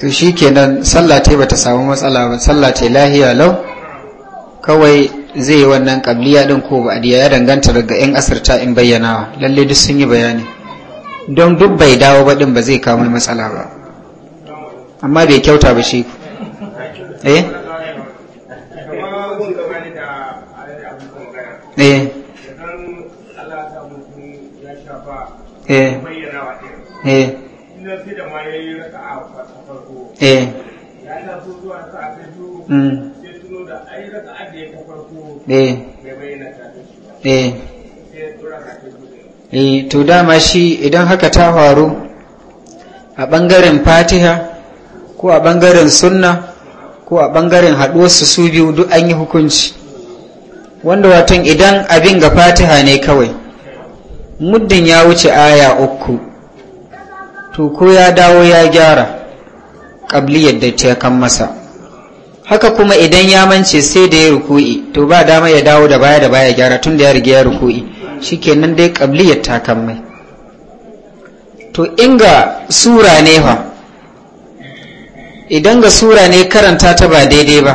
to shi kenan sallah ta bata samu matsala ba sallah ta lahiya lau kawai zai yi wannan kabliya din ko ba ya danganta daga yan asirta in bayyana lalle duk sun yi bayani don duk bai dawo ba din ba zai kawo mai matsala ba amma bai kyauta ba shi eh eh eh eh sai da ma yayi to dama shi idan haka ta faru a bangaren fatiha ko a bangaren sunna ko a ɓangaren haɗuwarsu su biyu duk an yi hukunci wanda watan idan abin ga fatiha ne kawai muddin ya wuce aya uku to ko ya dawo ya gyara ƙabli da ta kan masa haka kuma idan ya mance sai da ya ruku'i to ba dama ya dawo da baya da baya gyara tun da ya riga ya ruku'i shi kenan dai yadda ta kan mai to inga sura ne fa idan ga sura ne karanta ta ba daidai ba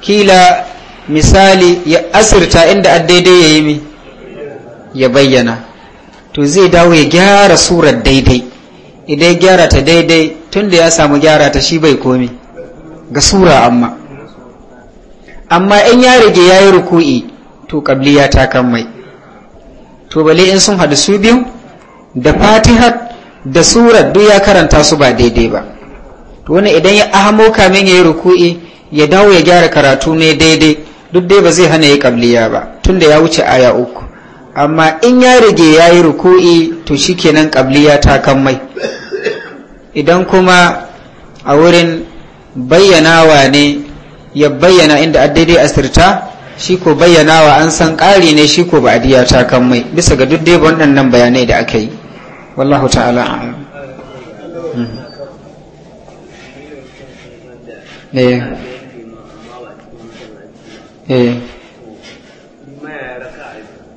kila misali ya asirta inda daidai ya yi mi ya bayyana to zai dawo ya gyara surar daidai idan ya gyara ta daidai tun da ya samu gyara ta shi bai komi ga sura amma amma in ya rage ya yi ruku'i to ya ta kan mai to bale in sun hadu su biyu da fatiha da surar duk ya karanta su ba daidai ba to wani idan ya ahamo kamin ya yi ruku'i ya dawo ya gyara karatu ne daidai duk dai ba zai hana ya kabliya ba tun da ya wuce aya uku amma in ya rage ya yi ruku'i to shikenan ƙabliya ta kan mai idan kuma a wurin bayyanawa ne ya bayyana inda daidai asirta shi ko bayyanawa an san ƙari ne shi ko ba'adiyya ta kan mai bisa ga duk dai waɗannan bayanai da aka yi wallahu ta'ala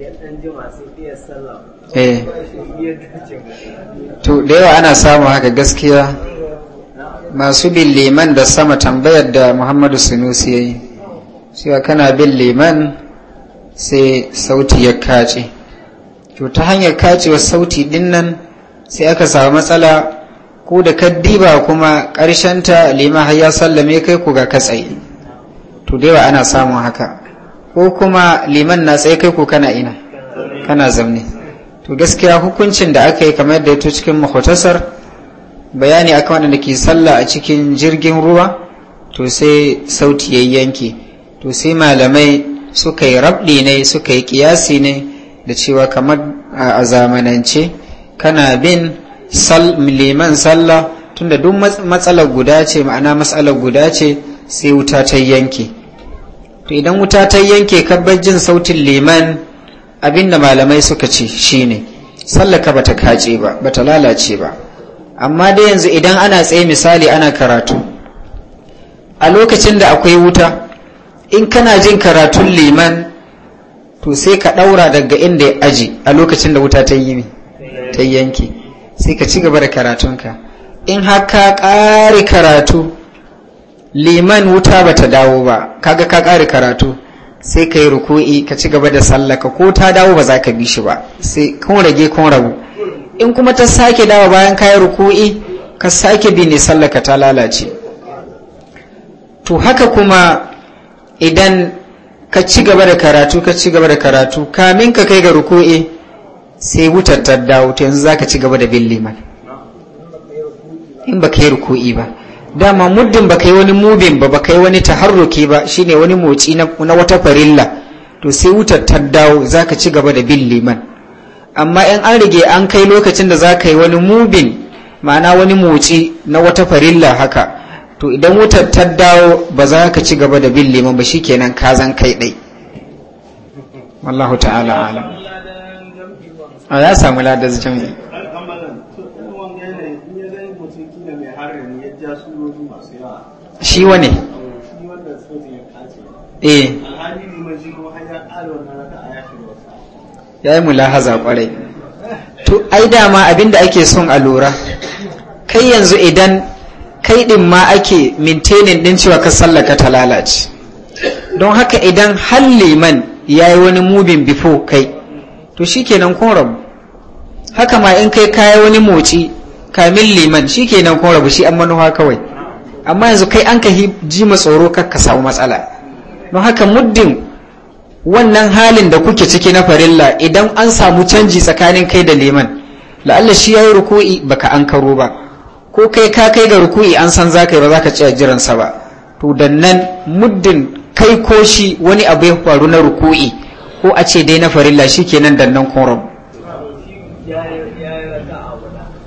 eh to da yawa ana samu haka gaskiya masu bin liman da sama tambayar da muhammadu sunusi ya yi cewa kana bin liman sai sauti ya kace to ta hanyar kacewa sauti din sai aka samu matsala ko da kaddiba kuma karshen ta liman har ya sallame kai ku ga katsayi to da yawa ana samun haka ko kuma liman na tsaye kai ko kana ina kana zamne to gaskiya hukuncin da aka yi kamar da ya cikin mahotasar bayani akan waɗanda ke sallah a cikin jirgin ruwa to sai sauti ya yanke to sai malamai suka yi rabdi ne suka yi ƙiyasi ne da cewa kamar a zamanance kana bin liman sallah tunda duk matsalar guda ce ma'ana matsalar guda ce sai wuta ta yanke to idan wuta ta yanke kabbar jin sautin liman abinda malamai suka ce shine sallaka bata kace ba bata lalace ba amma dai yanzu idan ana tsaye misali ana karatu a lokacin da akwai wuta in kana jin karatun liman to sai ka ɗaura daga inda ya aji a lokacin da wuta ta yi ta yanke sai ka ci gaba da karatunka in haka ƙare karatu liman wuta bata dawo ba kaga ka ƙare karatu sai ka yi ruku'i ka ci gaba da sallaka ko ta dawo ba za ka bi shi ba sai kun rage kun rabu in kuma ta sake dawo bayan ka yi ruku'i ka sake bi ne sallaka ta lalace to haka kuma idan ka ci gaba da karatu ka ci gaba da karatu kamin ka kai ga ruku'i sai wutar ta dawo to yanzu za ka ci gaba da bin liman in ba ka yi ruku'i ba dama muddin baka yi wani mubin ba baka yi wani taharruki ba shine wani motsi na wata farilla to sai wutar ta dawo zaka ci gaba da bin liman amma in an rige an kai lokacin da zaka yi wani mubin ma'ana wani motsi na wata farilla haka to idan wutar ta dawo ba za ka ci gaba da bin liman ba shikenan ka zan kai dai wallahu ta'ala alam a ya samu ladan jami'i shi wane eh ya yi mulahaza kwarai to ai dama abinda ake son a lura kai yanzu idan kai din ma ake mintenin din cewa ka sallaka ta lalace don haka idan halliman ya yi wani mubin bifo kai to shikenan kun rabu haka ma in kai kayi wani motsi kamin liman shi kenan kun rabu shi an manuwa kawai amma yanzu kai an ka ji ma tsoro kar ka samu matsala don haka muddin wannan halin da kuke ciki na farilla idan an samu canji tsakanin kai da liman la'alla shi yayi ruku'i baka an karo ba ko kai ka kai ga ruku'i an san zaka yi ba zaka ci jiran sa ba to dan nan muddin kai ko shi wani abu ya faru na ruku'i ko a ce dai na farilla shi dan nan kun rabu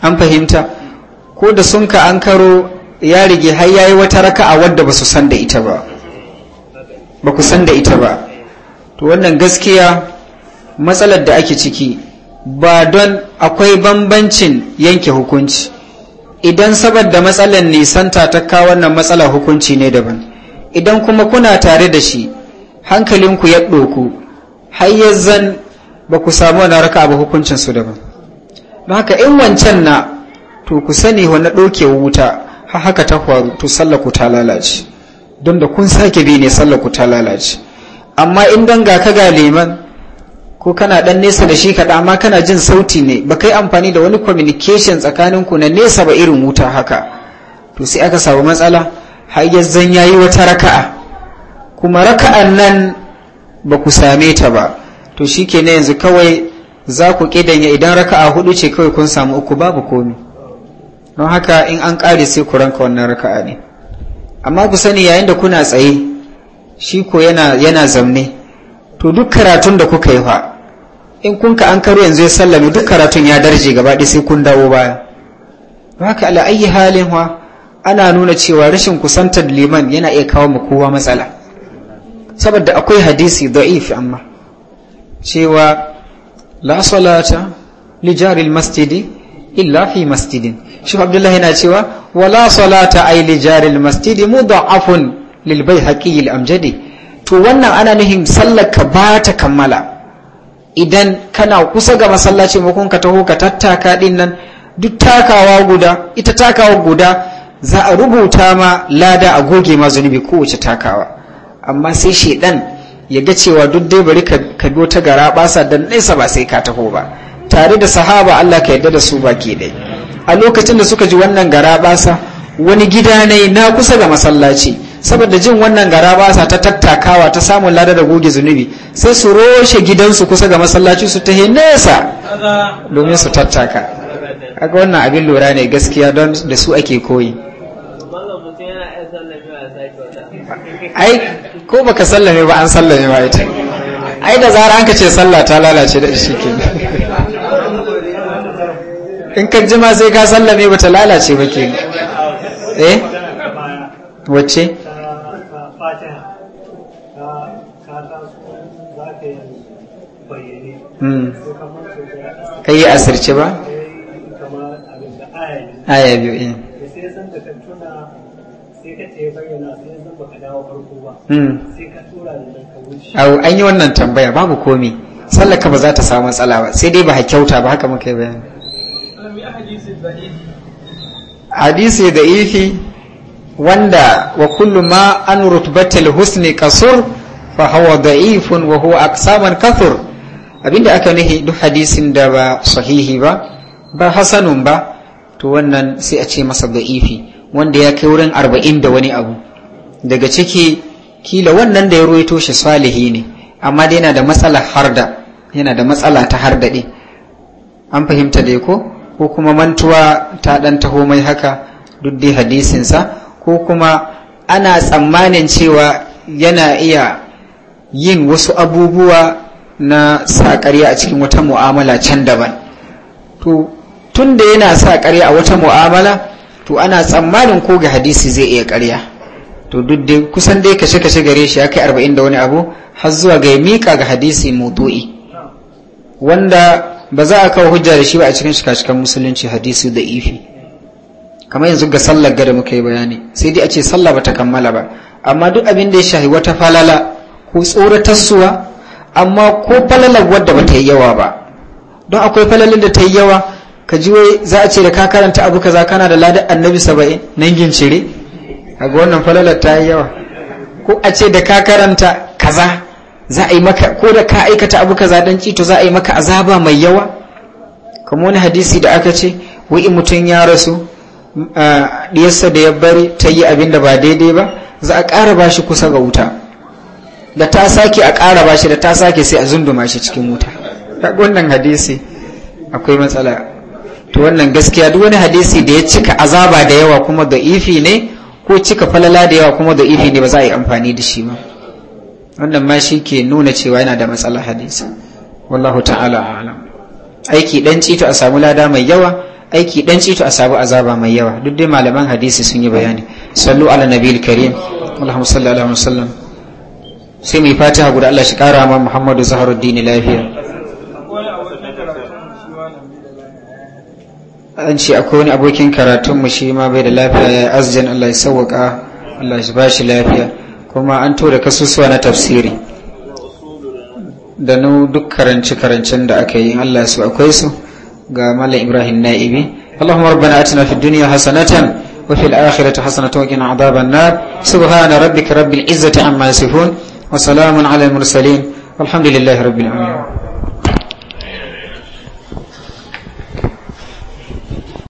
an fahimta ko da sun ka an karo ya rige har yayi wata raka'a wadda ba su san da ita ba ba ku san da ita ba to wannan gaskiya matsalar da ake ciki ba don akwai bambancin yanke hukunci idan saboda matsalar nisanta ta kawo wannan matsala hukunci ne daban idan kuma kuna tare da shi hankalinku ya ɗoku har yanzu ba ku samu wani raka abu hukuncinsu daban don haka in wancan na to ku sani wannan ɗauke wuta haka ta faru to sallaku ta lalace don da kun sake bi ne sallaku ta lalace amma in don ga ka ga liman ko kana ɗan nesa da shi kaɗa amma kana jin sauti ne ba kai amfani da wani communication tsakanin ku na nesa ba irin wuta haka to sai aka samu matsala har zan yayi wata raka'a kuma raka'an nan ba ku same ta ba to shi kenan yanzu kawai za ku kidanya idan raka'a hudu ce kawai kun samu uku babu komi don haka in an kare sai ku ranka wannan raka'a ne amma ku sani yayin da kuna tsaye shi ko yana yana zamne to duk karatun da kuka yi fa in kun ka an karo yanzu ya sallame duk karatun ya darje gaba ɗaya sai kun dawo baya don haka ala ayi halin wa ana nuna cewa rashin kusantar liman yana iya kawo mu kowa matsala saboda akwai hadisi da'if amma cewa la salata li jari illa fi masjidin shi abdullahi yana cewa wala salata ay li jari masjidi mudha'afun lil bayhaqi al amjadi to wannan ana nuhin sallar ka ba ta kammala idan kana kusa ga masallaci kun ka taho ka tattaka din nan duk takawa guda ita takawa guda za a rubuta ma lada a goge ma zunubi kowace takawa amma sai shedan ya ga cewa duk dai bari ka biyo ta gara basa dan nesa ba sai ka taho ba tare da sahaba Allah ka yarda da su baki dai a lokacin da suka ji wannan gara basa wani gida ne na kusa ga masallaci saboda jin wannan gara basa ta tattakawa ta samun lada da goge zunubi sai su roshe gidansu kusa ga masallaci su tahe nesa domin su tattaka aka wannan abin lura ne gaskiya don da su ake koyi ko baka sallame ba an sallame ba ita ai da zara an ka ce sallah ta lalace da shi ke in ka jima sai ka sallame ba ta lalace ba ke eh wacce hmm. ka yi asirce ba aya biyu eh. in sai ka ce bayyana sai Hmm. au an yi wannan tambaya babu komi sallaka ba za ta samu matsala ba sai dai ba ha kyauta ba haka muka yi bayani hadisi da ifi wanda wa kullu ma an rutbatil husni kasur fa da da'ifun wa huwa aqsaman kathur abinda aka nihi duk hadisin da ba sahihi ba ba hasanun ba to wannan sai a ce masa da'ifi wanda ya kai wurin arba'in da wani abu daga ciki kila wannan da ya ruwaito shi salihi ne amma dai yana da matsala harda yana da matsala ta harda ɗin an fahimta dai ko ko kuma mantuwa ta ɗan taho mai haka duk dai hadisinsa ko kuma ana tsammanin cewa yana iya yin wasu abubuwa na sa ƙarya a cikin wata mu'amala can daban to tun yana sa ƙarya a wata mu'amala to ana tsammanin ko ga hadisi zai iya ƙarya to duk dai kusan dai kashe kashe gare shi ya kai arba'in da wani abu har zuwa ga mika ga hadisi mutu'i wanda ba za a kawo hujja da shi ba a cikin shikashikan musulunci hadisi da ifi kamar yanzu ga sallar gada muka yi bayani sai dai a ce sallah ba ta kammala ba amma duk abin da ya shahi wata falala ko tsoratarsuwa amma ko falalar wadda ba ta yi yawa ba don akwai falalin da ta yi yawa ka ji wai za a ce da ka karanta abu kaza kana da ladar annabi saba'in nan cire kaga wannan falalar ta yi yawa ko a ce da ka karanta kaza za a yi maka ko da ka aikata abu kaza don cito za a yi maka azaba mai yawa kuma wani hadisi da aka ce wai mutum ya rasu diyarsa da ya bari ta yi abin da ba daidai ba za a ƙara ba shi kusa ga wuta da ta sake a ƙara ba shi da ta sake sai a zunduma shi cikin wuta wannan hadisi akwai matsala to wannan gaskiya duk wani hadisi da ya cika azaba da yawa kuma ga ifi ne ko cika falala da yawa kuma da ifi ne ba za a yi amfani da shi ba wannan ma shi ke nuna cewa yana da matsala hadisi wallahu ta'ala alam aiki dan cito a samu lada mai yawa aiki dan cito a samu azaba mai yawa duk dai malaman hadisi sun yi bayani sallu ala nabiyil karim allahumma salli ala musallam sai mai fatiha guda Allah shi kara ma Muhammadu Zaharuddin lafiya an ce akwai wani abokin mu shi ma bai da lafiya ya yi azjan Allah ya sauwaka Allah lafiya kuma an tura kasusuwa na tafsiri da nu duk karanci karancen da aka yi Allah akwai su ga Malam Ibrahim Na'ibi Allahumma rabbana atina fid dunya hasanatan wa fil akhirati hasanatan wa qina adhaban nar subhana rabbika rabbil izzati amma yasifun wa salamun mursalin walhamdulillahi rabbil